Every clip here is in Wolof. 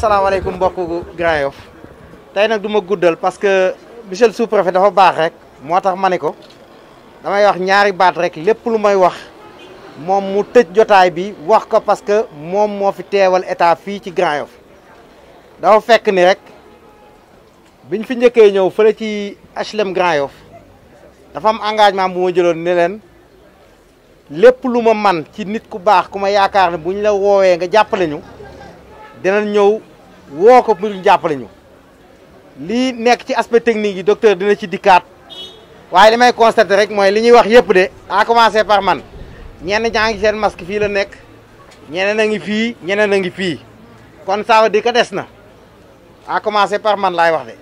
asalaamaaleykum mbokku Grand Yoff tey nag du ma guddal parce que monsieur le dafa baax rek moo tax ma ne ko damay wax ñaari baat rek lépp lu may wax moom mu tëj jotaay bi wax ko parce que moom moo fi teewal état fii ci Grand Yoff dafa fekk ni rek biñ fi njëkkee ñëw fële ci HLM Grand Yoff dafa am engagement bu ma jëloon ne leen lépp lu ma man ci nit ku baax ku ma yaakaar ne ñu la woowee nga jàppale ñu dinañ ñëw woo ko pour ñu jàppale ñu lii nekk ci aspect technique yi docteur dina ci dikkaat waaye li may constaté rek mooy li ñuy wax yëpp de à commencer par man ñenn ñaa ngi seen masque fii la nekk ñeneen a ngi fii ñeneen a ngi fii kon ça di dire des na à commencer par man laay wax de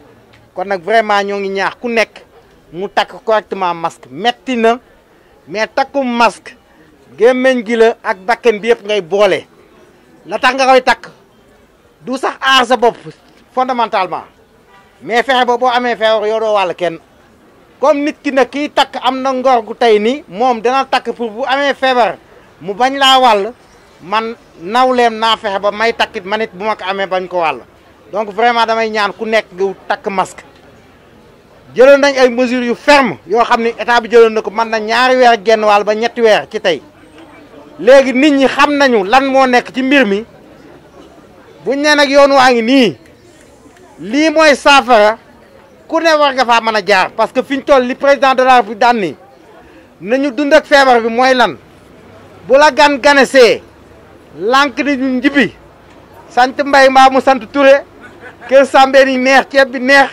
kon nag vraiment ñoo ngi ñaax ku nekk mu takk correctement masque metti na mais takkum masque gémmiñ gi la ak bakken bi yëpp ngay boole la tax nga koy takk. du sax aar sa bopp fondamentalement mais fexe ba boo amee feebar yoo doo wàll kenn comme nit ki nag kii takk am na ngor gu tey ni moom dana takk pour bu amee feebar mu bañ laa wàll man nawleem naa fexe ba may takkit manit bu ma ko amee bañ ko wàll donc vraiment damay ñaan ku nekk nga takk masque jëloon nañ ay mesures yu ferme yoo xam ne état bi jëloon na ko mën na ñaari weer genn wàll ba ñetti weer ci tey léegi nit ñi xam nañu lan moo nekk ci mbir mi buñ né nak yoon waangi ni li moy safara ku né war nga fa mëna jaar parce que fiñ toll li président de la République daan nañu dund ak fièvre bi moy lan bu la gan ganesee lank ni ñu njibi sante mbay mba mu sante Touré ke sambe ni neex ci bi neex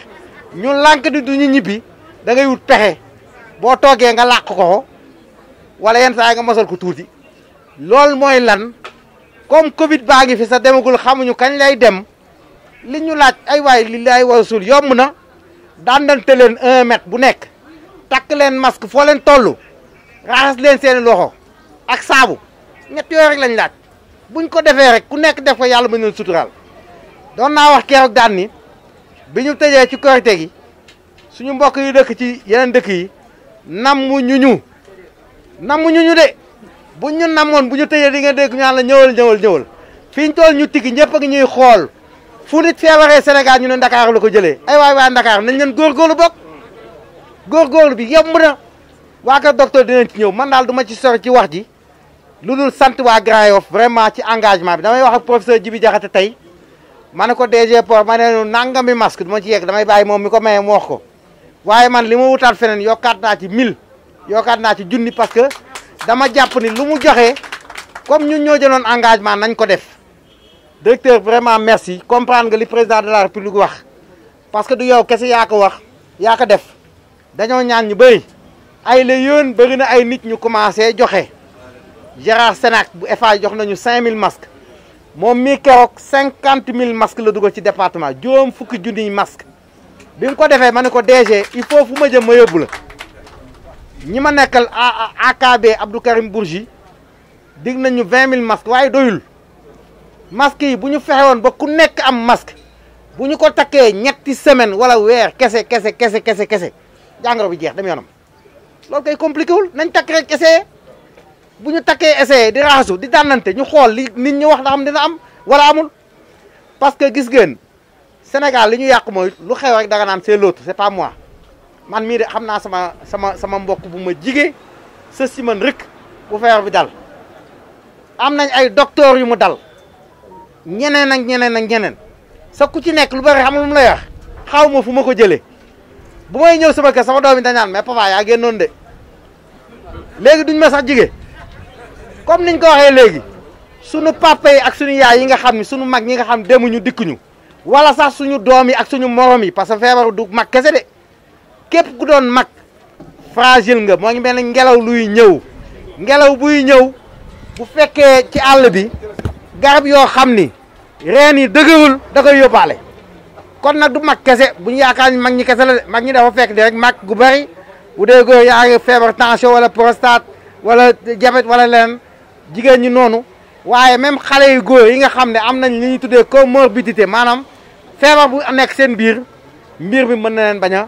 ñu lànk du ñu ñibi da ngay wut pexé bo toogee nga làq ko wala yeen sa nga mësal ko touti loolu moy lan comme Covid baa ngi fi sa demagul xamuñu kañ lay dem li ñu laaj ay waay li lay sul yomb na dandante leen un mètre bu nekk takk leen masque foo leen toll raxas leen seen loxo ak saabu ñett yooyu rek lañ laaj buñ ko defee rek ku nekk def ko yàlla mën leen suturaal doon naa wax keroog daan ni bi ñu tëjee ci korite gi suñu mbokk yi dëkk ci yeneen dëkk yi namu ñu de. bu ñu namoon bu ñu tëjee di nga dégg ñu naan la ñëwal ñëwal ñëwal fi ñu toll ñu tigi ñëpp ak ñuy xool fu nit feebaree Sénégal ñu ne Ndakaar la ko jëlee ay waay waay Ndakaar nañ leen góorgóorlu bokk góorgóorlu bi yomb na waa kër docteur dinañ ci ñëw man daal du ma ci sor ci wax ji lu dul sant waa Grand Yoff vraiment ci engagement bi damay wax ak professeur Djibi tey ma ne ko DG Port ma ne nangami masque du ma ci yegg damay bàyyi moom mi ko maye mu wax ko waaye man li ma wutaat feneen yokkaat naa ci mille yokkaat naa ci junni parce que dama japp ni lu joxe comme ñun ñoo engagement nañ ko def directeur vraiment merci comprendre que président de la république wax parce que du yow kessé ya ko wax ya ko def dañoo ñaan ñu ay le yoon na ay nit ñu commencé joxe Gérard Senac bu EFA jox nañu 5000 masques mom mi kérok 50 000 masques la duggal ci département fukki masques bi ko défé mané ko DG il faut fuma jëm ma nous avons nekkal AKB Abdou Karim Bourgi Nous avons 20 000 masques 20 doyul masques yi bu ñu masques, nous ku nekk am masque bu ko ñetti semaine wala nous avons Nous kay compliqué wul nañ takk rek nous bu ñu di nous di tànnante ñu nous nit ñi wax da xam dina am wala amul parce que gis nous Sénégal nous ñu nous lu c'est l'autre c'est pas moi man mi de xamna sama sama sama mbokk bu ma jigee sa si man bu fer bi dal am nañ ay docteur yu mu dal ñeneen ak ñeneen ak ñeneen sa ku ci nek lu bari xam lu lay wax xawma fu mako ko bu may ñew sama kër sama doomi da ñaan mais papa yaa génnoon de léegi duñ ma sax comme niñ ko sunu papa yi ak suñu yaay yi nga xam ni sunu mag yi nga xam dikku ñu wala sax suñu doomi ak suñu morom yi parce que febaru du mag de Kep ku mak mak fragile nga mo ngi mel ngelaw luy ñew ngelaw buy ñew bu fekke ci all bi garab yo xamni ni reen yi da koy yóbbaale kon nak du mak kese bu ñu yaakaar mag ñi kese la mag ñi dafa fekk rek mak gu bari bu de go ya nga feebar tension wala prostate wala diabète wala leneen jigeen ñi nonu waye même xalé yu góor yi nga xam am nañ li ñi tuddé comorbidité manam bu nek seen bir mbir bi mën na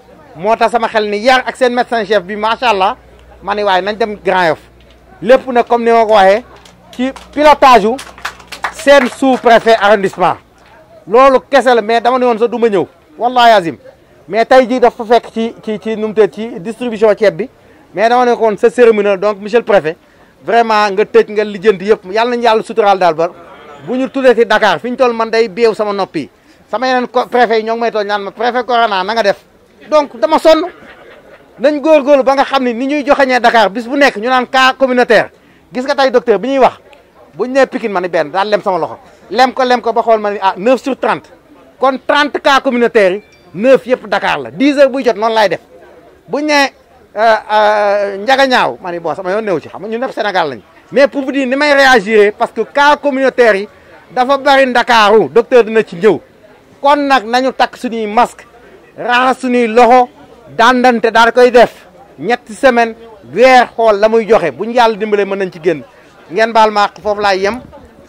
moo sama xel ni yar ak sen médecin chef bi machallah mané way nañ dem Grand Yoff lepp nag comme ni ma waxé ci pilotage sen sous préfet arrondissement lolu kessel mais dama ne woon sax du ma ñëw wallahi azim mais tay ji dafa fekk ci ci ci nu mu ci distribution ceeb bi mais dama ne kon woon sa cérémonie donc monsieur le préfet vraiment nga tëj nga lijjanti yëpp yalla nañ yalla sutural dal ba buñu tudé ci Dakar fiñ ñu toll man day beew sama nopi sama yeneen préfet yi may toll ñaan ma préfet Corona na nga def. donc dama sonn nañ góorgóorlu ba nga xam ne ni ñuy joxeñee dakaar bis bu nekk ñu naan ka communautaire gis nga tey docteur bi ñuy wax buñ nee Pikine ma ni benn daal lem sama loxo lem ko lem ko ba xool ma ni ah 9 sur 30 kon 30 cas communautaires yi 9 yëpp Dakar la 10 heures buy jot noonu laay def buñ nee euh, euh, njagañaaw ma ni bon sama yoon new ci xam nga ñu ñëpp Sénégal lañ mais pour vous dire ni may réagir parce que cas communautaire yi dafa bari Ndakaaru docteur dina ci ñëw kon nag nañu takk suñuy masque raxas suñuy loxo dandante daal koy def ñetti semaine weer xool la muy joxe bu ñu yàlla dimbalee mën nañ ci génn ngeen baal ma foofu laay yem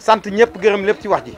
sant ñëpp gërëm lépp ci wax ji.